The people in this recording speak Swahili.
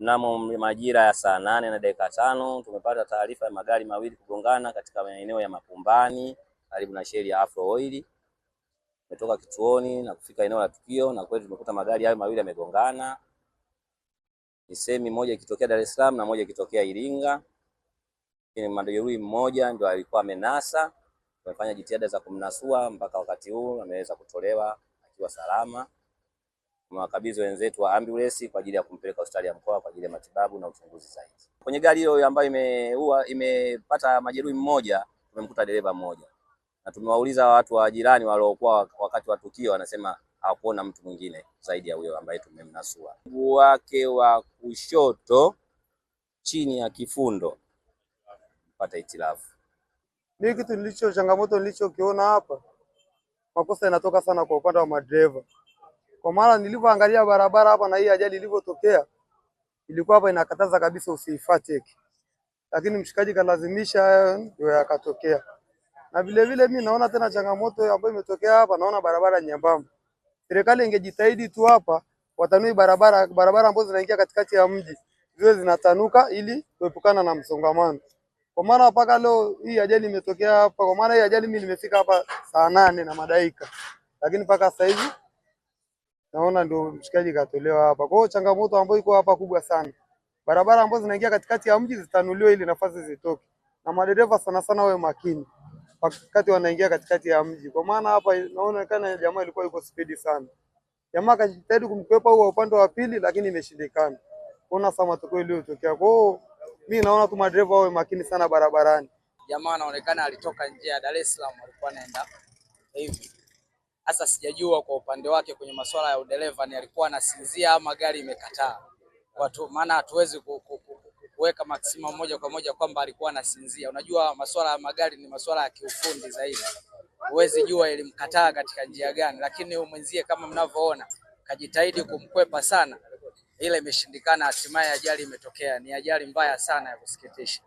Mnamo majira ya saa nane na dakika tano tumepata taarifa ya magari mawili kugongana katika maeneo ya Mapumbani karibu na sheli ya Afro Oil. Tumetoka kituoni na kufika eneo la tukio na kweli tumekuta magari hayo mawili yamegongana, nisemi moja ikitokea Dar es Salaam na moja ikitokea Iringa. Majeruhi mmoja ndio alikuwa amenasa, tumefanya jitihada za kumnasua, mpaka wakati huu ameweza kutolewa akiwa salama tumewakabidhi wenzetu wa ambulance kwa ajili ya kumpeleka hospitali ya mkoa kwa ajili ya matibabu na uchunguzi zaidi. Kwenye gari hiyo ambayo imeua imepata majeruhi mmoja, tumemkuta dereva mmoja, na tumewauliza watu wa jirani waliokuwa wakati wa tukio, wanasema hawakuona mtu mwingine zaidi ya huyo ambaye tumemnasua. Mguu wake wa kushoto chini ya kifundo pata itilafu. ni kitu nilicho changamoto nilichokiona hapa, makosa yanatoka sana kwa upande wa madereva. Kwa maana nilivyoangalia barabara hapa na hii ajali ilivyotokea ilikuwa hapa inakataza kabisa usiifuate, lakini mshikaji kalazimisha, ndio yakatokea. Na vile vile mimi naona tena changamoto ambayo imetokea hapa, naona barabara nyembamba. Serikali ingejitahidi tu hapa watanui barabara, barabara ambazo zinaingia katikati ya mji ziwe zinatanuka ili kuepukana na msongamano. Kwa maana mpaka leo hii ajali imetokea hapa. Kwa maana hii ajali mimi nimefika hapa saa nane na madaika, lakini mpaka sasa hivi naona ndio mshikaji katolewa hapa. Kwa hiyo changamoto ambayo iko hapa kubwa sana, barabara ambazo zinaingia katikati ya mji zitanuliwa ili nafasi zitoke, na madereva sana sana wawe makini wakati wanaingia katikati ya mji, kwa maana hapa inaonekana jamaa ilikuwa yuko spidi sana. Jamaa akajitahidi kumkwepa huo upande wa pili, lakini imeshindikana. Kuna sama matokeo iliyotokea. Kwa hiyo mimi naona tu madereva wawe makini sana barabarani. Jamaa anaonekana alitoka nje ya Dar es Salaam, alikuwa anaenda hivi Hasa sijajua kwa upande wake kwenye masuala ya udereva ni alikuwa anasinzia ama gari imekataa, tu, maana hatuwezi kuweka maximum moja kwa moja kwamba alikuwa anasinzia. Unajua masuala ya magari ni masuala ya kiufundi zaidi, huwezi jua ilimkataa katika njia gani, lakini umwenzie kama mnavyoona kajitahidi kumkwepa sana, ile imeshindikana, hatimaye ajali imetokea. Ni ajali mbaya sana ya kusikitisha.